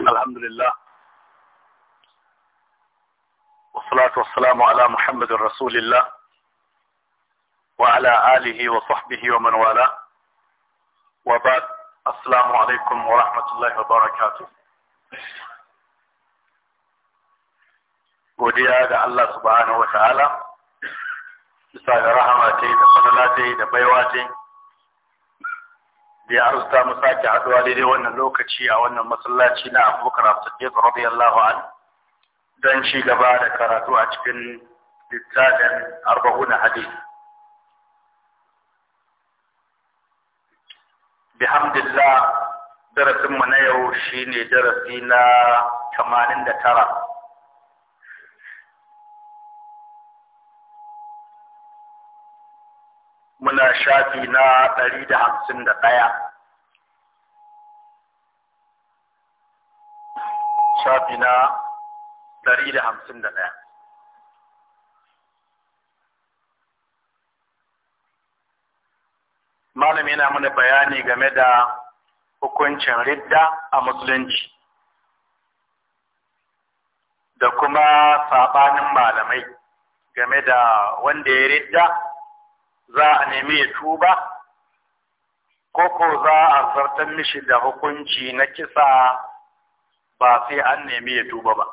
الحمد لله والصلاة والسلام على محمد رسول الله وعلى آله وصحبه ومن والاه وبعد السلام عليكم ورحمة الله وبركاته godiya هذا Allah subhanahu wa ta'ala bisa ga rahama ta yi da da ya arzuta mu sake haɗuwa daidai wannan lokaci a wannan masallaci na abubakar abdullahi radiyallahu an don ci gaba da karatu a cikin littafin arba'una hadith bihamdillah darasin mu na yau shine darasi na tamanin da tara. muna shafi na ɗari da hamsin da ɗaya shafi na malam yana mana bayani game da hukuncin ridda a musulunci da kuma saɓanin malamai game da wanda ya ridda za a nemi ya tuba ko koko za a zartar mishi da hukunci na kisa ba sai an nemi ya tuba ba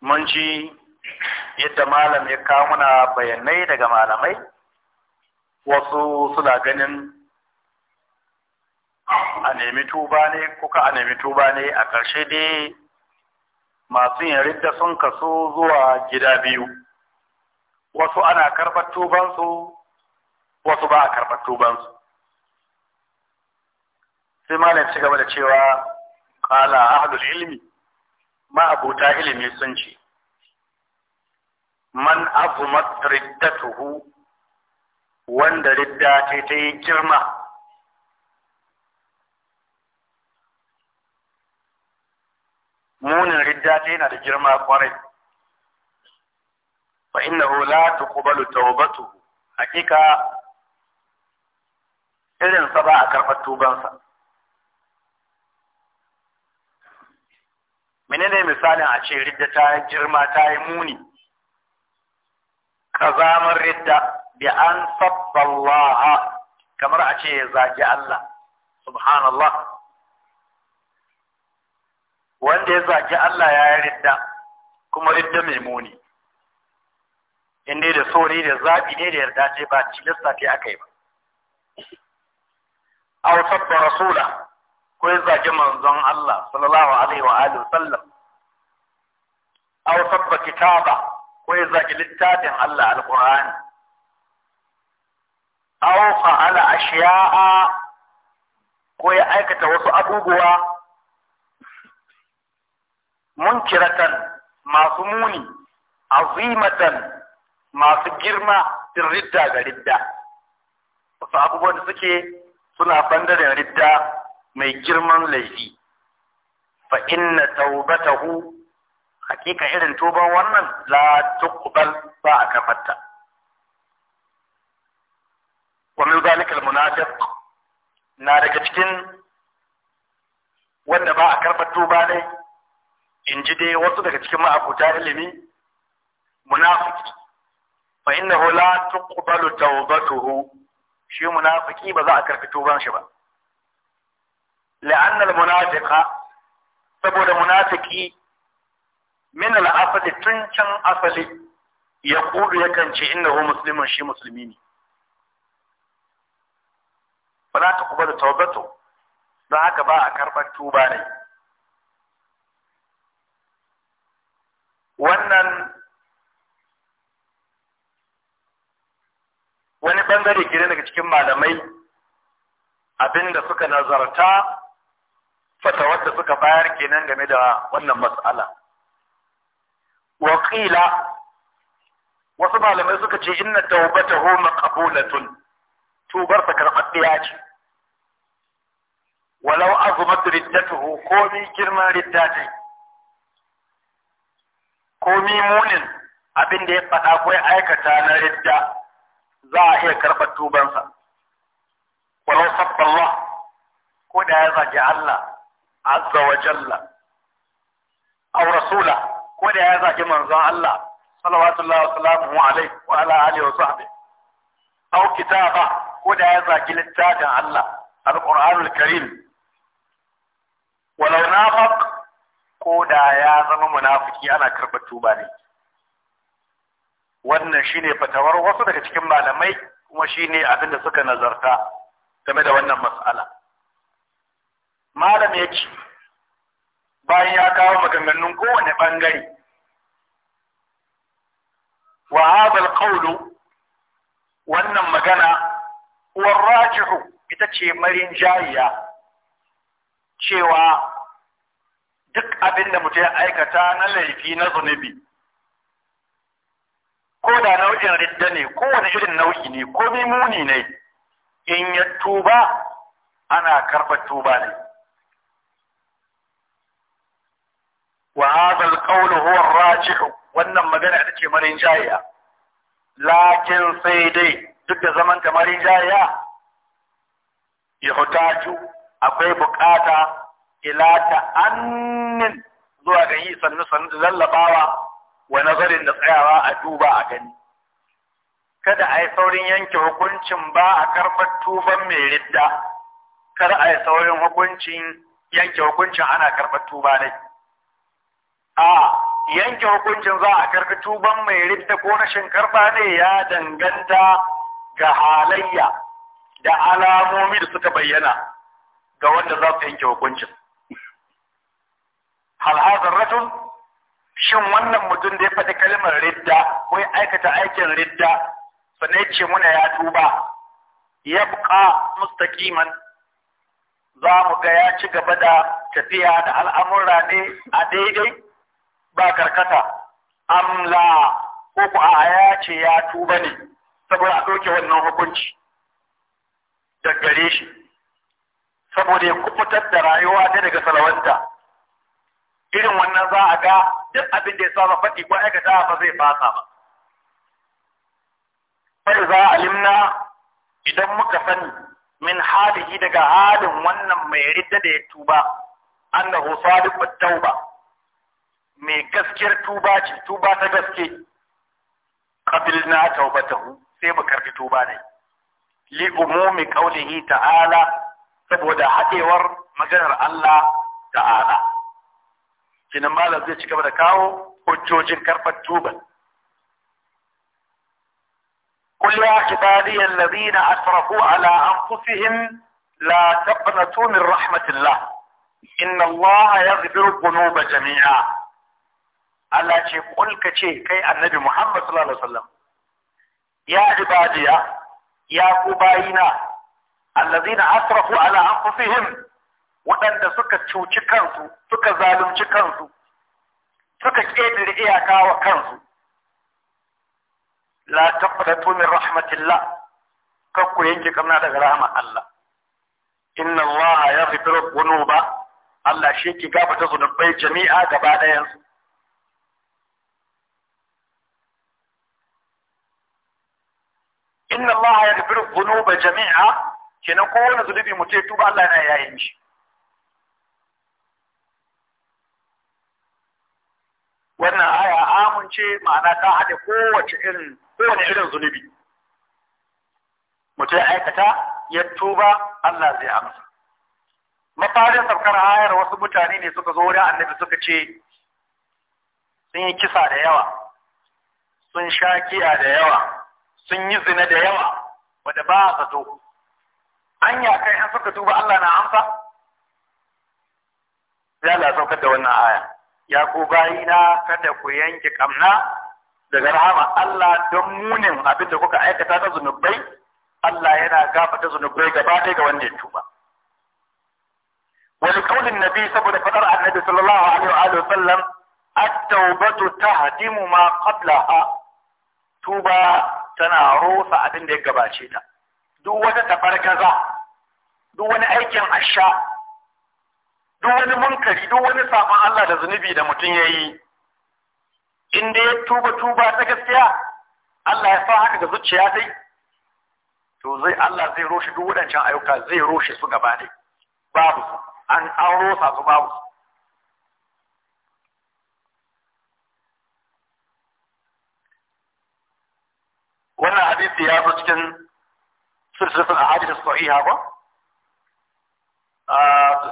mun ci yadda malam ya kawo muna bayanai daga malamai wasu suna ganin a nemi tuba ne kuka a nemi tuba ne a ƙarshe dai masu yin sun kaso zuwa gida biyu wasu ana karɓar tubansu wasu ba a karɓar tubansu sai malam ci gaba da cewa ƙala ahlul ilmi abuta ilimi sun ce man azumat riddatuhu wanda ridda ce ta yi girma munin ridda ce yana da girma kwarai fa innahu la tuqbalu tawbatuhu hakika irin sa ba a karɓar tubansa menene misalin a ce ridda ta girma ta yi muni kazamar ridda bi an sabballaha kamar a ce ya zagi Allah subhanallah wanda ya zagi Allah ya yi ridda kuma ridda mai muni in dai da so da zaɓi ne da yarda ce ba tilasta ce aka yi ba aw sabba rasula ko ya zaki manzon Allah sallallahu alaihi wa alihi sallam aw sabba kitaba ko ya zagi littafin Allah alqur'ani aw fa'ala ashiya'a ko ya aikata wasu abubuwa munkiratan masu muni azimatan masu girma din ridda ga ridda wasu abubuwan da suke suna bandarin ridda mai girman laifi fa inna taubatahu hakika irin tuban wannan la tuqbal ba a kafarta wa min zalika al na daga cikin wanda ba a karfar tuba ne in ji dai wasu daga cikin ma'abuta ilimi munafiki fa innahu la tuqbalu tawbatuhu shi munafiki ba za a karfi tuban shi ba la'anna al-munafiqa saboda munafiki min al-asali tun can asali ya kudu yakan ce innahu muslimun shi musulmi ne ba la ta kuma da tawbato don haka ba a karɓar tuba ne wannan wani bangare ke daga cikin malamai abinda suka nazarta fatawar da suka bayar kenan game da wannan matsala. wakila wasu malamai suka ce inna taubatahu maqbulatun tubar ta karɓaɗɗiya ce walau azumat riddatuhu komi girman ridda ce komi munin abin da ya faɗa ko ya aikata na ridda ظاهر كربت توبانسا ولو صب الله كنا جعلنا عز وجل أو رسولا كنا هذا جمن ظاهر الله صلوات الله وسلامه عليه وعلى آله وصحبه أو كتابة كنا هذا جلد تاجع القرآن الكريم ولو نافق كنا هذا منافقي كربت توباني wannan shine fatawar wasu daga cikin malamai kuma shine ne abinda suka nazarta game da wannan mas'ala malam ya ce bayan ya kawo maganganun kowane bangare wa hadha wannan magana uwar rajihu ita ce marin jariya cewa duk abinda mutum ya aikata na laifi na zunubi ko da nau'in ridda ne ko wani irin nau'i ne ko mai muni ne in ya tuba ana karɓar tuba ne wa hadha alqawlu huwa ar wannan magana ita ce marin jayya lakin sai dai duk da zaman ta marin jayya yahtaju akwai bukata ila annin zuwa ga yi sannu sannu lallabawa wa nazarin da tsayawa a duba a gani kada a yi saurin yanke hukuncin ba a karɓar tuban mai ridda kada a yi saurin hukuncin yanke hukuncin ana karɓar tuba ne a yanke hukuncin za a karɓi tuban mai ridda ko na karɓa ne ya danganta ga halayya da alamomi da suka bayyana ga wanda za su yanke hukuncin hal hazar rajul shin wannan mutum da ya faɗi kalmar ridda ko ya aikata aikin ridda sannan ce muna ya tuba ya buƙa mustaƙiman za mu ga ya ci gaba da tafiya da al'amura ne a daidai ba karkata amla ko ku a ya ce ya tuba ne saboda a ɗauke wannan hukunci daggare shi saboda ya kuɓutar da rayuwa ta daga salawanta irin wannan za a ga duk abin da ya saba faɗi ko aikata ba zai fasa ba sai za a limna idan muka sani min halihi daga halin wannan mai ridda da ya tuba annahu sadiqu tauba mai gaskiyar tuba ce tuba ta gaske qabilna taubatahu sai mu karbi tuba ne li umumi qawlihi ta'ala saboda haɗewar maganar Allah ta'ala kinan malam zai ci gaba da kawo hujjojin karfar tuban قل يا عبادي الذين أسرفوا على أنفسهم لا تقنطوا من Inna Allah ya الله يغفر الذنوب jami'a. Allah ce kulka ce kai annabi Muhammad sallallahu alaihi wasallam ya ibadiya ya ku bayina allazina asrafu ala anfusihim waɗanda suka cuci kansu suka zalunci kansu suka ƙetare iyaka wa kansu la taqnatu min rahmatillah ka ku yanke kamna daga rahama Allah inna Allah yaghfiru dhunuba Allah shi ke gafata zunubai jami'a gaba ɗayan su inna Allah yaghfiru dhunuba jami'a kenan kowane zunubi mutum tuba Allah yana yayin shi wannan aya amince ma'ana ta haɗe kowace irin kowane irin zunubi mutum aikata ya tuba Allah zai amsa mafarin saukar hayar wasu mutane ne suka zo wurin annabi suka ce sun yi kisa da yawa sun sha kiya da yawa sun yi zina da yawa wadda ba a zato anya kai an suka tuba Allah na amsa ya la saukar da wannan aya ya ku bayina kada ku yanke kamna daga rahama Allah don munin abin da kuka aikata ta zunubai Allah yana gafata zunubai gaba ɗaya ga wanda ya tuba wani kaulin nabi saboda fadar annabi sallallahu alaihi wa sallam at-taubatu tahdimu ma qablaha tuba tana rusa abin da ya gabace ta duk wata tafarkaza duk wani aikin asha duk wani munkari duk wani saban Allah da zunubi da mutum ya yi in ya tuba tuba ta gaskiya Allah ya sa haka ga zuciya dai to zai Allah zai roshi duk wadancan ayyuka zai roshi su gaba dai babu su, an auro sa su babu su. wannan hadisi ya zo cikin silsilatul ahadith sahiha ba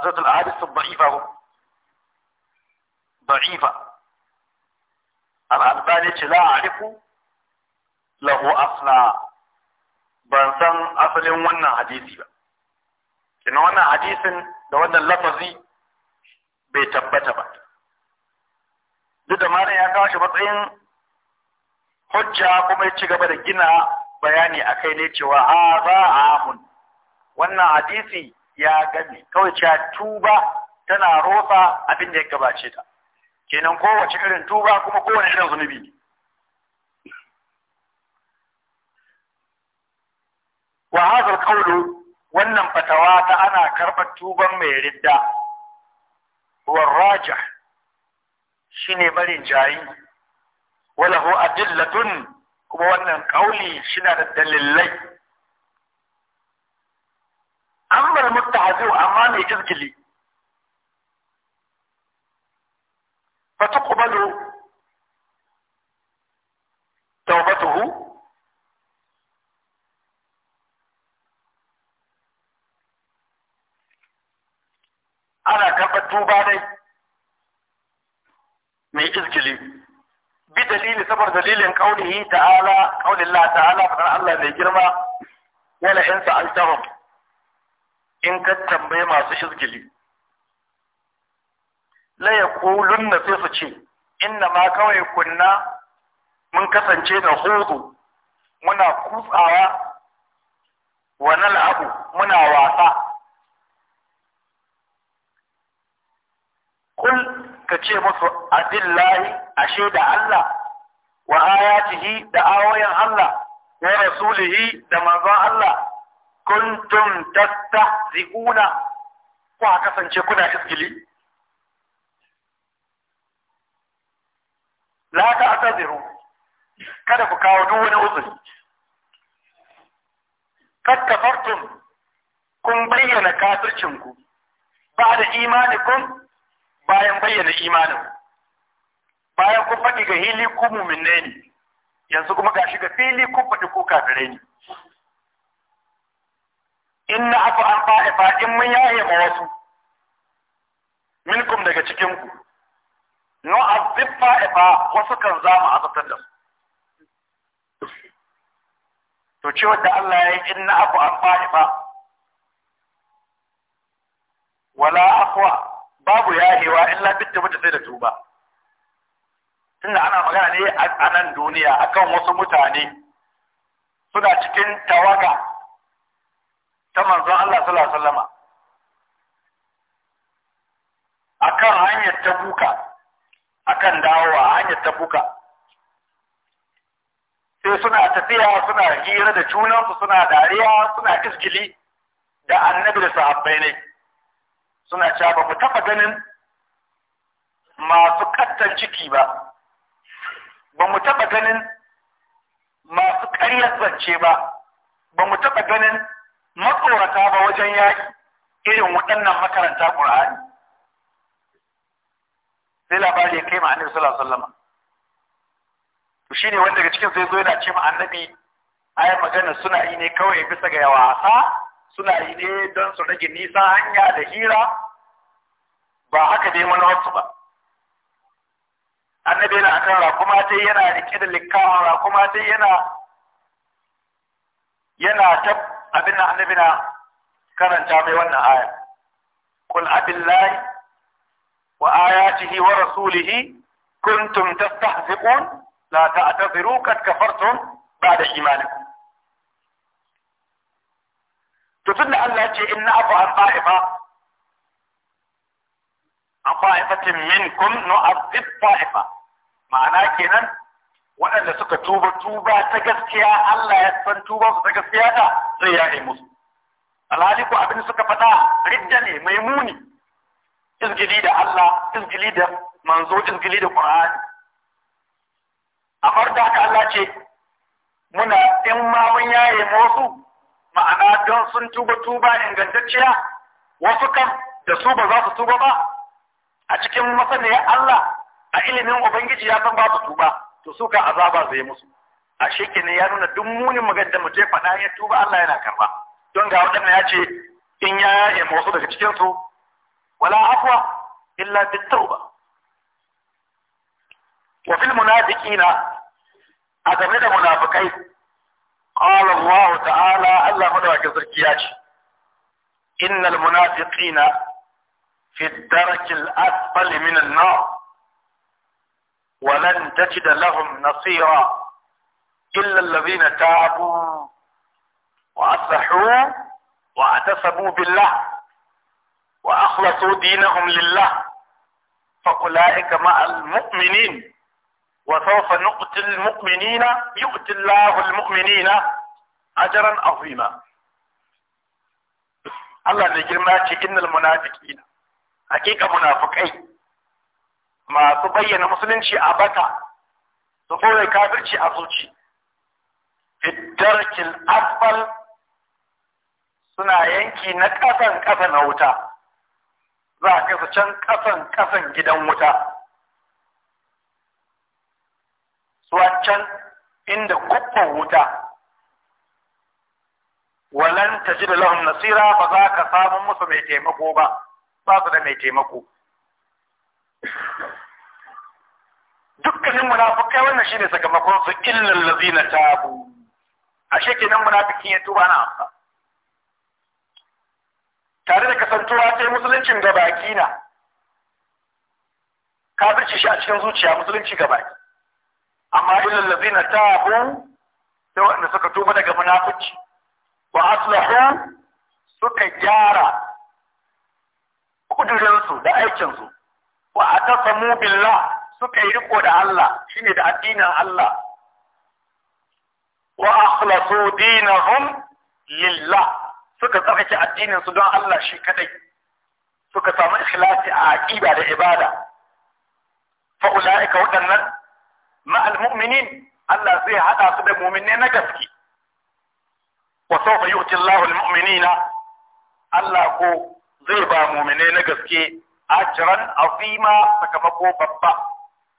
zatul ahadith da'ifa da'ifa al-albani ce la arifu lahu asla ban san asalin wannan hadisi ba kina wannan hadisin da wannan lafazi bai tabbata ba duk da malam ya kawo shi matsayin hujja kuma ya ci gaba da gina bayani a kai ne cewa ha za a amun wannan hadisi ya gani kawai cewa tuba tana rosa abin da ya gabace ta kenan kowace irin tuba kuma kowane irin zunubi ne wa hazal kaulu wannan fatawa ta ana karɓar tuban mai ridda Raja shi shine barin jayi wala hu adillatun kuma wannan kauli shina da dalilai amal mustahzi'u amma mai izgili fa tuqbalu tawbatuhu ana karɓar tuba dai mai izgili bi dalili saboda dalilin qaulihi ta'ala qaulillah ta'ala fa Allah mai girma wala in sa'altahum in ka tambaye masu shirgili la na sai su ce inna ma kawai kunna mun kasance da hudu muna kutsawa wa nal'abu muna wasa kul ka ce musu adillahi ashe da Allah wa ayatihi da ayoyin Allah wa rasulihi da manzon Allah kuntum tastahzi'una ko a kasance kuna iskili la ta'taziru kada ku kawo duk wani uzuri kad kafartum kun bayyana kafircinku ba da imanikum bayan bayyana imanin bayan kun faɗi ga hili ku muminai ne yanzu kuma gashi ga fili kun faɗi ku kafirai ne in na afu an fa'ifa in mun yaye ma wasu minkum daga cikin ku no azib fa'ifa wasu kan za mu azatar da su to ce wadda Allah ya yi in na afu an fa'ifa wala afwa babu yahewa illa bitta mutu sai da tuba tunda ana magana ne a nan duniya akan wasu mutane suna cikin tawaga ta manzon Allah sallallahu alaihi wasallama akan hanyar tabuka akan dawowa hanyar tabuka sai suna tafiya suna hira da junansu suna dariya suna iskili da annabi da sahabbai ne suna cewa ba mu taɓa ganin masu kattan ciki ba ba mu taɓa ganin masu ƙaryar zance ba ba mu taɓa ganin matsorata ba wajen yaƙi irin waɗannan makaranta ƙur'ani sai labari ya kai ma'anin sallallahu alaihi wasallam shi ne wanda daga cikin sai zo yana ce ma annabi yi magana suna yi ne kawai bisa ga wasa suna yi ne don su rage nisan hanya da hira ba haka dai wasu ba annabi yana akan rakuma ta yana rike da likkawa rakuma ta yana yana tab abin da annabi na karanta mai wannan aya kul abillahi wa ayatihi wa rasulihi kuntum tastahzi'un la ta'tadiru kad kafartum ba'da imanikum to tunda Allah ya ce inna afu an ta'ifa an ta'ifatin minkum nu'adhib ta'ifa ma'ana kenan waɗanda suka tuba tuba ta gaskiya Allah ya san tuba su ta gaskiya ta sai ya nemi musu alhali ko abin suka faɗa ridda ne mai muni izgili da Allah izgili da manzo izgili da Qur'ani a farda Allah ce muna in ma mun yaye musu ma'ana don sun tuba tuba ingantacciya wasu kan da su ba za su tuba ba a cikin masaniyar Allah a ilimin Ubangiji ya san ba su tuba to su ka azaba zai musu a shike ne ya nuna duk munin magana da mutum ya faɗa ya tuba Allah yana karba don ga waɗannan ya ce in ya yaye wasu daga cikin su wala afwa illa bit tauba wa fil munafiqina a game da munafikai qala Allah ta'ala Allah madawakin sarki ya ce innal munafiqina fi ad-darki al-asfali min an-nar ولن تجد لهم نصيرا إلا الذين تابوا وأصلحوا واعتصموا بالله وأخلصوا دينهم لله فأولئك مع المؤمنين وسوف نقتل المؤمنين يؤتي الله المؤمنين أجرا عظيما الله نجمعك إن المنافقين حقيقة منافقين masu bayyana musulunci a baka su kore kafirci a zuci fiddarkil asfal suna yanki na kasan kasa na wuta za a kasa can kasan kasan gidan wuta suwa can inda kuffin wuta walan ji da lahun nasira ba za ka samun musu mai taimako ba ba su da mai taimako dukkanin munafukai wannan shine sakamakon su illal ladina tabu ashe kenan munafikin ya tuba na amsa tare da kasantuwa sai musuluncin ga baki na kafirci shi a cikin zuciya musulunci ga baki amma illal ladina tabu sai wanda suka tuba daga munafici wa aslahu suka gyara kudurinsu da aikinsu wa atasamu billah suka yi riko da Allah shine da addinin Allah wa akhlasu dinahum lillah suka tsarkake addinin su don Allah shi kadai suka samu ikhlasi a aqida da ibada fa ulaika wadannan ma'al mu'minin Allah zai hada su da mu'minne na gaske wa sawfa yu'ti Allahu al-mu'minina Allah ko zai ba muminai na gaske ajran azima sakamako babba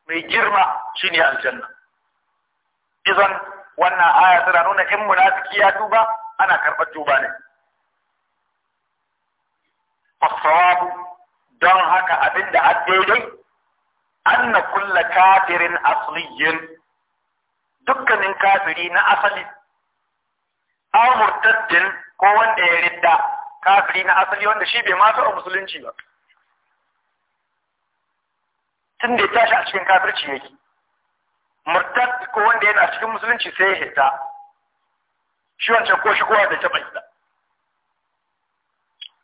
mai girma shi ne aljanna idan wannan aya tana nuna in munafiki ya duba ana karɓar tuba ne fasawabu don haka abin da a daidai an na kulla kafirin asliyin dukkanin kafiri na asali an murtaddin ko wanda ya ridda kafiri na asali wanda shi bai masu a musulunci ba tun da ya tashi a cikin kafirci yake murtad ko wanda yana cikin musulunci sai ya hita shi wancan ko shi, kowa da taɓa da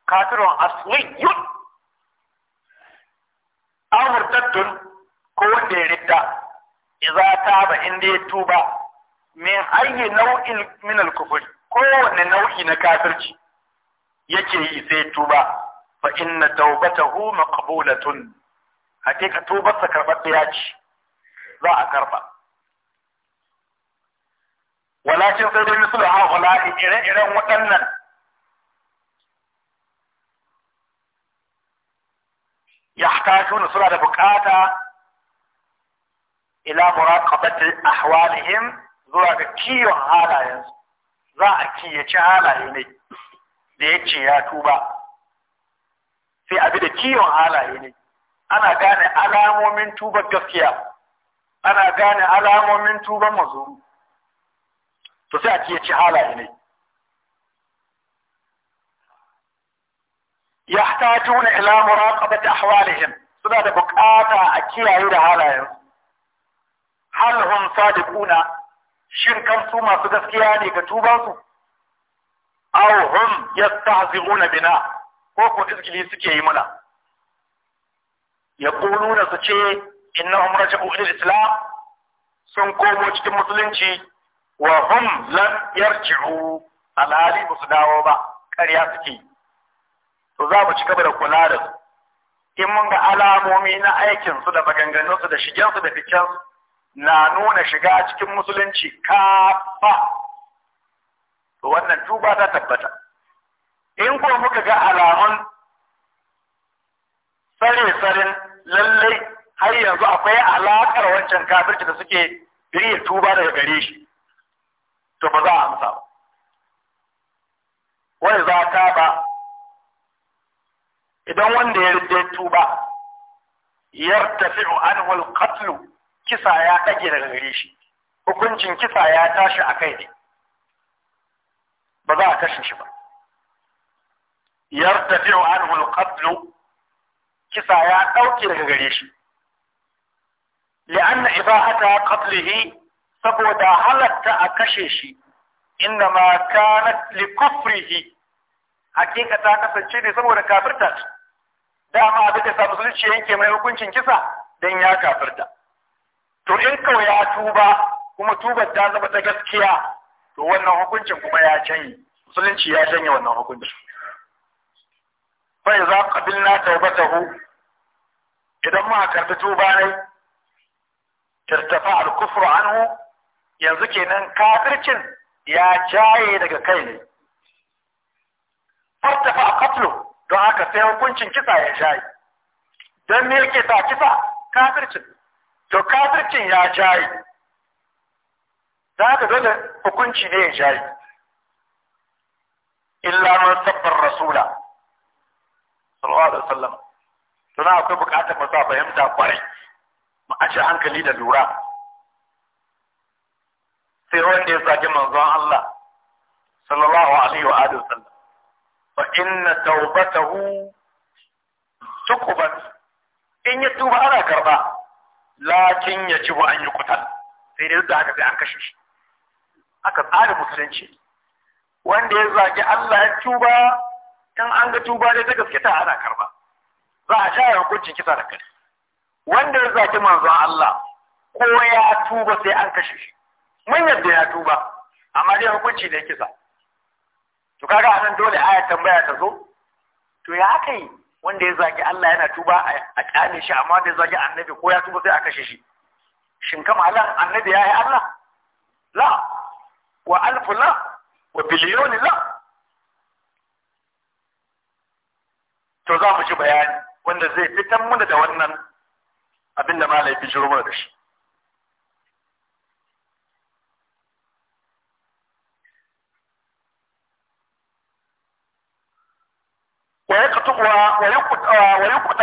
kafirun asliyun an murtattun ko wanda ya ridda ta ba inda ya tuba min ayi nau'in min al ko kowanne nau'i na kafirci yake yi sai tuba fa inna tawbatahu maqbulatun hakika tubarsa karɓar ɗaya ce za a karɓa walakin sai dai misu da haula'i ire-iren waɗannan ya hakashuna suna da bukata ila muraqabati ahwalihim zuwa ga kiyon halayensu za a kiyace halaye ne da ya ce ya tuba sai a bi da kiyon halaye ne ana gane alamomin tubar gaskiya ana gane alamomin tubar mazu to sai a ce ci halaye ne Ya yahtajuna ila ta ahwalihim suna da bukata a kiyaye da halayen Halhun sadiquna shin kan su masu gaskiya ne ga tubansu aw hum yastahziquna bina ko ko iskili suke yi muna yaquluna su ce innahum raja'u ila islam sun komo cikin musulunci wa hum lam yarji'u alhali ba su dawo ba ƙarya suke to za mu ci gaba da kula da su in mun ga alamomi na aikinsu da maganganunsu da su da ficensu na nuna shiga cikin musulunci kafa to wannan tuba ta tabbata in ko muka ga alamun tsare-tsaren lallai har yanzu akwai alaƙar wancan kafirci da suke riya tuba daga gare shi to ba za a amsa ba Wani za ta ba idan wanda ya rinde tuba yartafi'u tafi al katlu kisa ya ɗage daga gare shi hukuncin kisa ya tashi a kai ne ba za a kashe shi ba Yar anhu al-qatl kisa ya ɗauke daga gare shi li'anna ibahata qatlihi saboda halatta a kashe shi inda ma na likufri kufrihi hakika ta kasance ne saboda kafirta dama abin da sa musulunci yanke mai hukuncin kisa don ya kafirta to in kawai ya tuba kuma tubar ta zama ta gaskiya to wannan hukuncin kuma ya canyi musulunci ya janye wannan hukuncin bai za qabilna tawbatahu idan muka karbi tuba ne tartafa al kufr anhu yanzu kenan kafircin ya jaye daga kai ne tartafa a katlo don haka sai hukuncin kisa ya jaye don me yake sa kisa kafircin to kafircin ya jaye za haka dole hukunci ne ya jaye illa man sabbar rasula sallallahu alaihi wasallam tana akwai buƙatar mu sa fahimta kwarai mu a hankali da lura sai wanda ya zagi manzon Allah sallallahu alaihi wa alihi wasallam fa inna tawbatahu tuqbat in ya tuba ana karba lakin ya ci an yi kutal sai dai da haka sai an kashe shi aka tsara musulunci wanda ya zagi Allah ya tuba in an ga tuba dai ta gaske ta ana karba za a shaya hukuncin kisa da kai wanda ya zaki manzo Allah ko ya tuba sai an kashe shi mun yadda ya tuba amma dai hukunci ne kisa to kaga anan dole aya tambaya ta zo to ya kai wanda ya zaki Allah yana tuba a kyale shi amma da ya zaki annabi ko ya tuba sai a kashe shi shin kama Allah annabi ya yi Allah la wa alfu la wa biliyoni la to za mu ji bayani wanda zai fitar muna da wannan abin da malai fi jiro da shi wa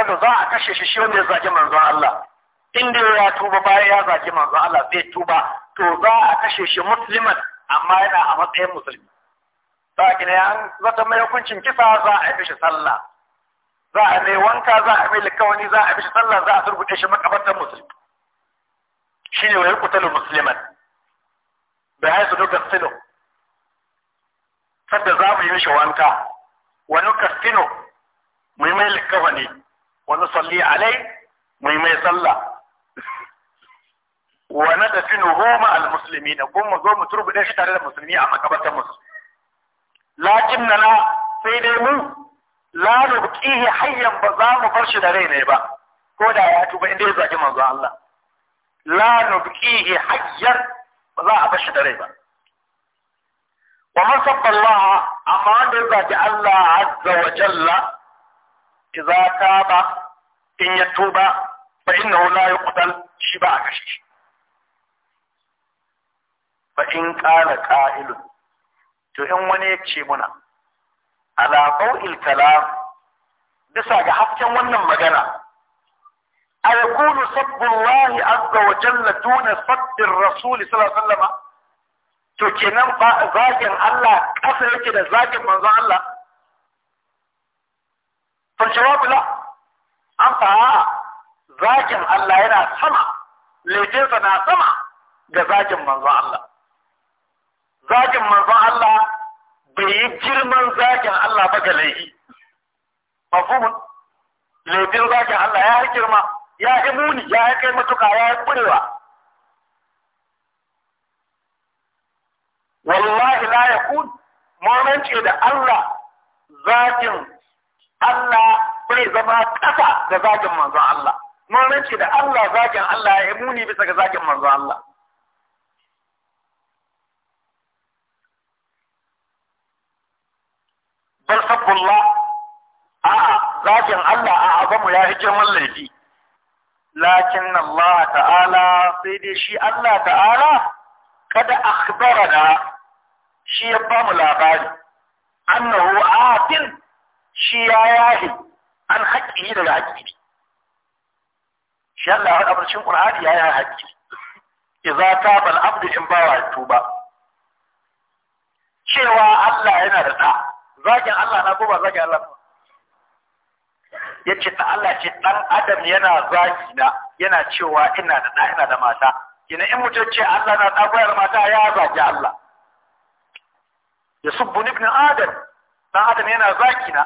da za a kashe shi shi wanda ya zagi manzon Allah in ya tuba bayan ya zagi manzon Allah zai tuba to za a kashe shi musliman amma yana a matsayin musulmi ta gina ya zata mai hukuncin kisa za a yi shi sallah za a mai wanka za a mai likawani za a mishi sallah za a turbuɗe shi makabartar musulmi shi ne wa yi kutalu musulman bai haisu duk gassino sadda za mu yi mishi wanka wani kastino mu yi mai likawani wani salli alai mu yi mai sallah wani da fino goma al-musulmi na kuma zo mu turbuɗe shi tare da musulmi a makabartar musulmi lakin na sai dai mu la nubqihi hayyan ba za mu bar shi da rai ne ba ko da ya tuba inda ya zaki manzo Allah la nubqihi hayyan ba za a bar shi da rai ba wa man sabba Allah amma wanda ya zaki Allah azza wa jalla idza taba in ya tuba fa innahu la yuqtal shi ba a kashe shi fa in qala qa'ilun to in wani ya ce muna على bau'il الكلام بس ga hasken wannan magana أيكون سب الله عز وجل دون سب الرسول صلى الله عليه وسلم تكنم زاجن الله كفر كده زاجن من الله فالجواب لا أنت آه، زاجن الله هنا سمع لجنس أنا سمع جزاجن من الله زاجن من الله bai yi girman zakin Allah ba ga laifi mafhumun laifin zakin Allah ya yi girma ya yi muni ya yi kai matuka ya yi kurewa wallahi la yakun ce da Allah zakin Allah bai zama ƙasa ga zakin manzon Allah ce da Allah zakin Allah ya yi muni bisa ga zakin manzon Allah bal habbullah a'a zakin Allah a abamu ya hi girman laifi lakin Allah ta'ala sai dai shi Allah ta'ala kada akhbarana shi ya ba mu labari annahu atin shi ya yahi an haƙƙi daga haƙƙi shi Allah ya faɗa cikin Qur'ani ya yahi haƙƙi idza taba al-abdu in bawa tuba cewa Allah yana da ɗa zagin Allah na ko ba zagin Allah ba ya ce ta Allah ce ɗan adam yana zagi na yana cewa ina da da ina da mata ina in mutum ce Allah na ɗa koyar mata ya zagi Allah ya subbu ibn adam ɗan adam yana zagi na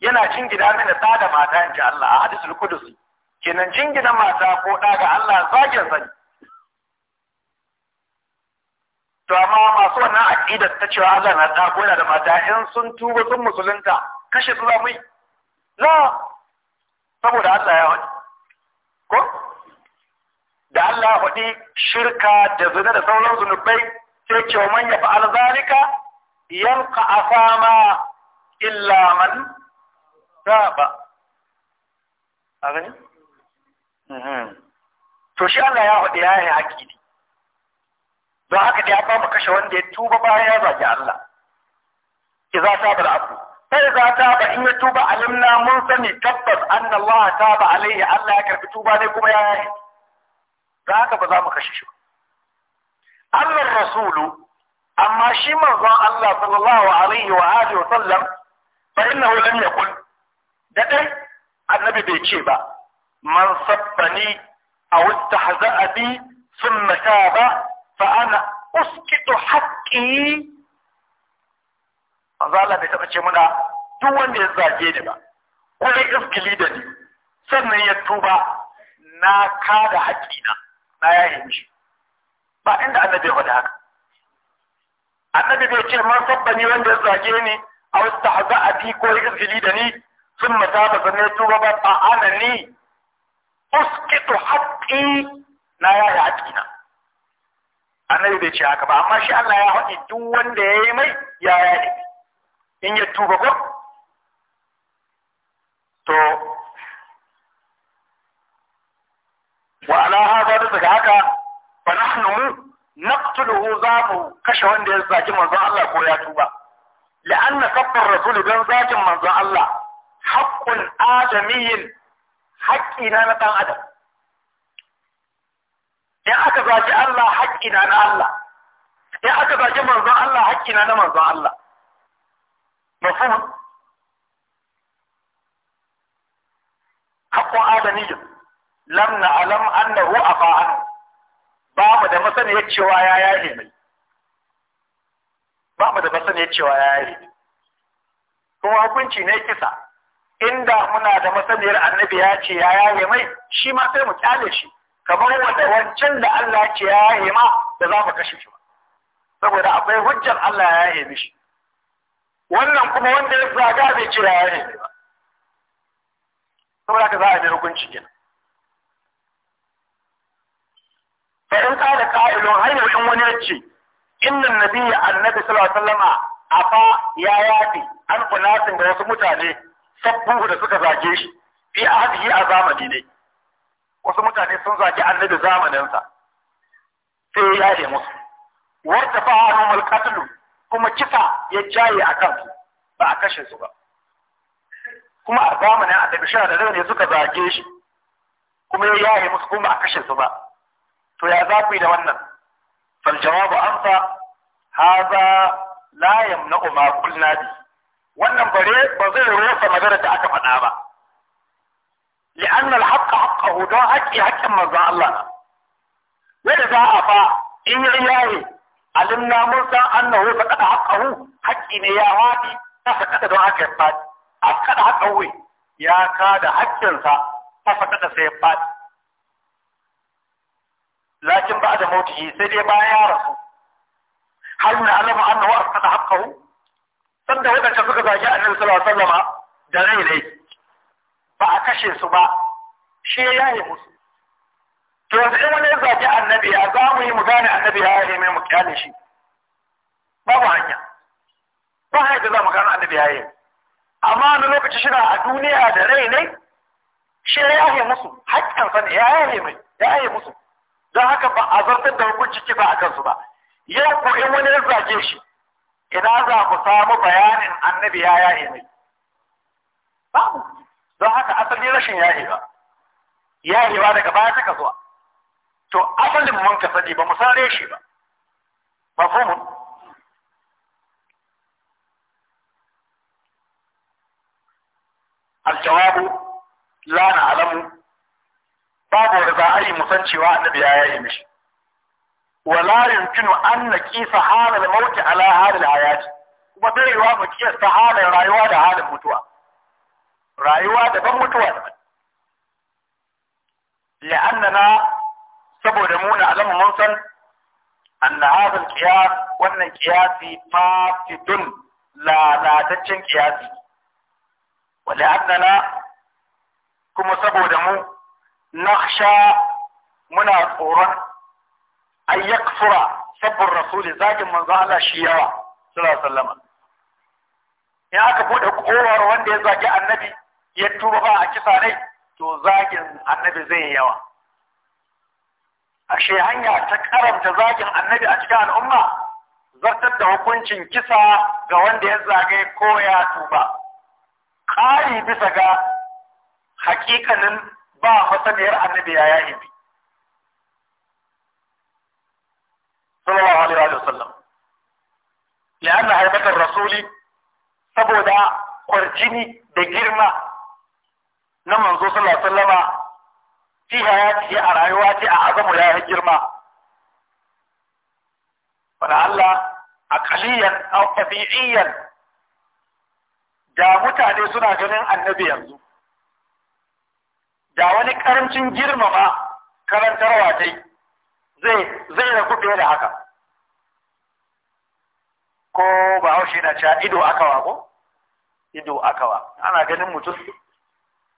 yana jingina gida ɗa da mata in ji Allah a hadisul kudusi kenan jingina mata ko da ga Allah zagin zagi to amma masu wannan aƙidar ta cewa Allah na da yana da mata in sun tuba sun musulunta kashe su za mu yi la saboda Allah ya wani ko da Allah ya faɗi shirka da zina da sauran zunubai sai ce wa manya fa'al zalika a afama illa man taba a gani mhm. to shi Allah ya faɗi ya yi haƙi don haka dai an ba kashe wanda ya tuba bayan ya zaki Allah Ki idza taba al-abdu fa idza taba in ya tuba alimna mun sani tabbas anna Allah ba alaihi Allah ya karbi tuba ne kuma ya yi don haka ba za mu kashe shi Allah rasulu amma shi manzon Allah sallallahu alaihi wa alihi wa sallam fa innahu lam yakul da dai annabi bai ce ba man sabbani aw istahza'a bi thumma taba fa ana uskitu haqqi manzo bai taba ce muna duk wanda ya zage ni ba ko ya iskili da ni ya tuba na kada haƙƙina na yaye mishi ba inda annabi ya faɗi haka annabi bai ce man sabbani wanda ya zage a wasu tahza a fi ko ya iskili da ni sun mata ba sannan ya tuba ba a ana ni haƙƙi na yaye haƙƙina annabi bai ce haka ba amma shi Allah ya haɗi duk wanda ya yi mai ya yaɗe in ya tuba ko to wa ala hada da daga haka fa nahnu mu naqtuluhu za mu kashe wanda ya zaki manzon Allah ko ya tuba la'anna kafar rasul dan zakin manzon Allah haqqun adamiyyin haƙƙi na na dan adam ya aka zaki Allah haƙƙina na Allah ya aka zaki manzon Allah haƙƙina na manzon Allah mafhum haqqun adamiyyun lam na'lam ruwa a fa’an ba mu da masaniyar cewa ya yaye mai ba mu da masaniyar cewa ya yaye kuma hukunci ne kisa inda muna da masaniyar annabi ya ce ya yaye mai shi ma sai mu kyale shi kamar wanda wancan da Allah ce ya yaye ma da za mu kashe shi ba saboda akwai hujjar Allah ya yaye mishi wannan kuma wanda ya zaga bai ce ya yaye ba saboda ka za a bi hukunci kenan fa in da ka'ilun har yau in wani ce inna nabiyya annabi sallallahu alaihi wasallam afa ya yafi an kunatin ga wasu mutane sabbu da suka zage shi fi ahdihi a zamani ne wasu mutane sun zaki annabi zamaninsa sai ya yi musu warta fa'anu malqatlu kuma kisa ya jaye a kansu ba a kashe su ba kuma a zamanin tafi sha da ne suka zage shi kuma ya yaye musu kuma a kashe su ba to ya za da wannan fal jawabu amsa haza la yamna'u ma qulna bi wannan bare ba zai rufe magana da aka faɗa ba لأن الحق حقه ده هكى هكى ما ذا الله وإذا أفا إن إلهي علمنا موسى أنه فقد حقه حكى يا هادي فقد ذا هكى فاد فقد حقه يا كاد حكى فقد سيفاد لكن بعد موته سيدي ما يعرف هل نعلم أنه أفقد حقه فقد هذا كفر جاء النبي صلى الله عليه وسلم دليل إيه؟ ba a kashe su ba shi ya yi musu to yanzu in wani ya zaki annabi ya za mu yi mu gane annabi ya yi mai mu kyale shi babu hanya ba hanya da za mu gane annabi ya yi amma wani lokaci shi a duniya da rai ne shi ya yi musu hakkan Sani ya yi mai ya yi musu don haka ba a zartar da hukunci kisa a kansu ba yau ko in wani zage shi ina za ku samu bayanin annabi ya yi mai babu don haka asali rashin yahewa yahewa daga baya taka zuwa to asalin mun ka sani ba mu san reshe ba mafhumun الجواب لا نعلم babu wanda za a yi musan cewa annabi ya yaye mishi wala yumkinu an naqisa halal mauti ala halal hayati kuma bai yiwa mu kiyasta halin rayuwa da halin mutuwa rayuwa daban mutuwa daban la'annana saboda muna na alamu mun san anna hadha al-qiyas wannan qiyasi fasidun lalataccen qiyasi wa la'annana kuma saboda mu nakhsha muna tsoron an yakfura sabbin rasuli zakin manzo Allah shi yawa sallallahu alaihi wasallam in aka bude kowar wanda ya zagi annabi ya tuba ba a kisa rai to zagin annabi zai yi yawa ashe hanya ta karanta zagin annabi a cikin al'umma zartar da hukuncin kisa ga wanda ya zagaye ko ya tuba ƙari bisa ga hakikanin ba masaniyar annabi ya yi bi sallallahu alaihi wa sallam li'anna haibatar rasuli saboda kwarjini da girma na manzo sallallahu alaihi wasallama fi hayati a rayuwa ce a azamu ya yi girma wala Allah aqaliyan aw tabi'iyan da mutane suna ganin annabi yanzu da wani karancin girmama karantarwa dai zai zai na fiye da haka ko ba haushe na cewa ido akawa ko ido akawa ana ganin mutum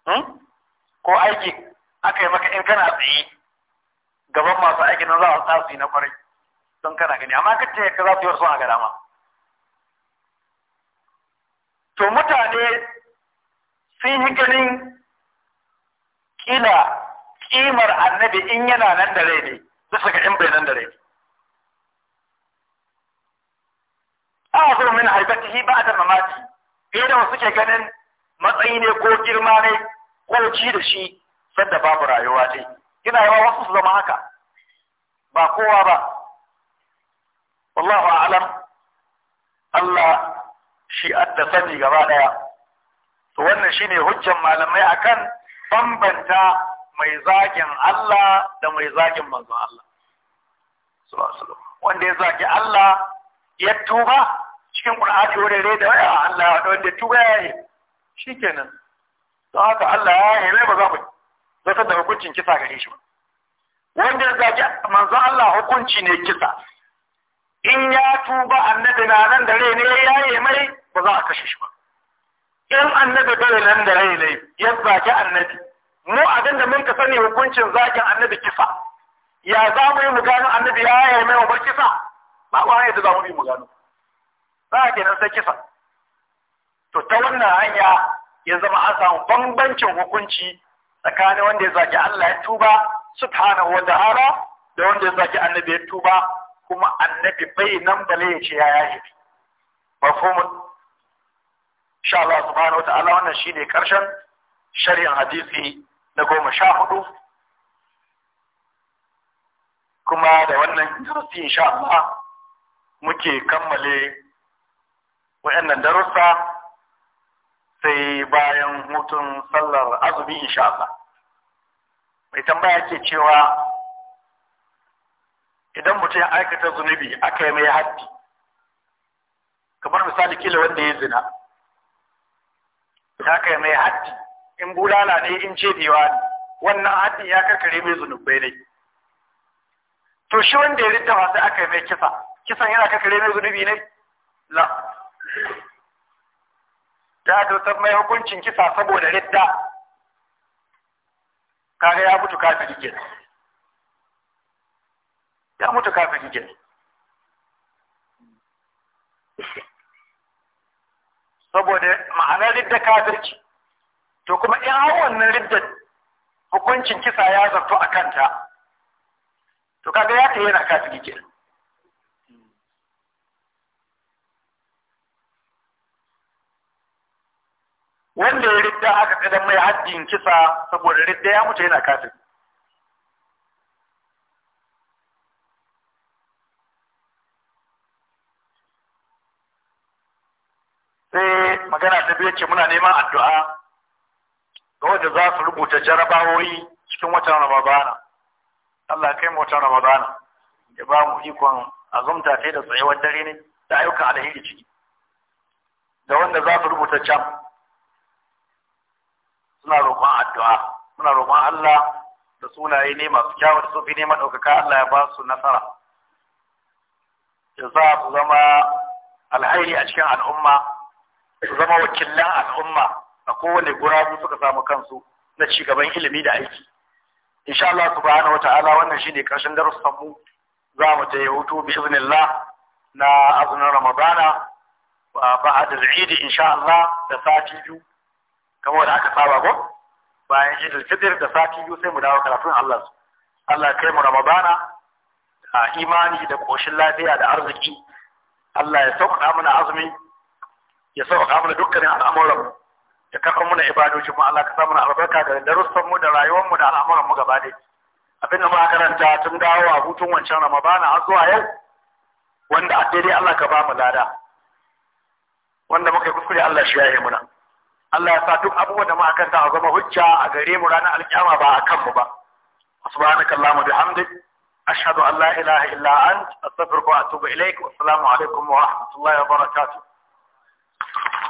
Hmm? ko aiki aka yi maka in kana tsaye gaban masu aikin nan za a su yi na kwarai don kana gani amma ka ce ka za su yi wasu a gadama to mutane sun yi ganin kila kimar annabi in yana nan da rai ne bisa ga in bai nan da rai a azur min mamaki fiye da wasu ke ganin matsayi ne ko girma ne ko da shi sanda babu rayuwa dai ina yawa wasu su zama haka ba kowa ba wallahu a'lam Allah shi adda sani gaba daya to wannan shine hujjan malamai akan bambanta mai zagin Allah da mai zagin manzon Allah wanda ya zaki Allah ya tuba cikin Qur'ani wurare da waya Allah wanda tuba yayi shikenan don haka Allah ya yi ne ba za mu zartar da hukuncin kisa gare shi ba wanda ya zaki manzon Allah hukunci ne kisa in ya tuba annabi na nan da rai ne ya yi mai ba za a kashe shi ba in annabi bai nan da rai ne ya zaki annabi mu abin da mun ka sani hukuncin zakin annabi kisa ya za mu yi mu gano annabi ya yi mai wa kisa ba ba yadda za mu yi mu gano za a kenan sai kisa to ta wannan hanya ya zama an samu bambancin hukunci tsakanin wanda ya zaki Allah ya tuba subhanahu wa ta'ala da wanda ya zaki annabi ya tuba kuma annabi bai nan bale ya ce ya yaji mafhumu insha Allah subhanahu wa ta'ala wannan shine karshen shari'an hadisi na goma sha hudu kuma da wannan darasi insha Allah muke kammale waɗannan darussa sai bayan hutun sallar azumi insha Allah mai tambaya ke cewa idan mutum ya aikata zunubi aka yi mai haddi kamar misali kila wanda ya zina ya kai mai haddi in bulala ne in cefewa ne wannan haddi ya karkare mai zunubai ne to shi wanda ya littafa sai aka yi mai kisa kisan yana karkare mai zunubi ne la da aka mai hukuncin kisa saboda ridda kaga ya mutu kafin kenan ya mutu kafin kenan saboda ma'anar ridda kafirci to kuma in har wannan ridda hukuncin kisa ya zarto a kanta to kaga ya ta yana kafin kenan wanda ya ridda aka kadan mai haddin kisa saboda ridda ya mutu yana kafin sai magana ta biyu ce muna neman addu'a ga wanda za su rubuta jarabawoyi cikin watan ramadana Allah kai mu watan ramadana ya ba mu ikon azumta ta da tsayuwar dare ne da ayyukan alheri ciki da wanda za su rubuta jam suna roƙon addu'a muna roƙon Allah da sunaye ne masu kyawun da sufi ne maɗaukaka Allah ya ba su nasara ya za su zama alhairi a cikin al'umma su zama wakilan al'umma a kowane gurabu suka samu kansu na gaban ilimi da aiki insha Allah subhanahu wa ta'ala wannan shine karshen darussan mu za mu ta hutu bi iznillah na azumin ramadana ba'da al-eid insha Allah da sati biyu kamar da aka saba ko bayan idul fitr da sati biyu sai mu dawo karatun Allah su Allah kai mu ramadana a imani da koshin lafiya da arziki Allah ya sauƙaƙa mana azumi ya sauƙaƙa mana dukkanin al'amuran ya karɓa mana ibadoci mu Allah ka sa mana albarka da darussan mu da rayuwar mu da al'amuran mu gaba ɗaya abin da muka karanta tun dawo a hutun wancan ramadana har zuwa yau wanda a daidai Allah ka ba mu lada wanda muka yi kuskure Allah shi ya yi muna Allah ya sa duk abubuwan da mu akan ta zama hujja a gare mu ranar alkiyama ba a kanmu ba subhanaka allahumma bihamdik ashhadu an la ilaha illa ant astaghfiruka wa atubu ilaik wa assalamu alaikum wa rahmatullahi wa barakatuh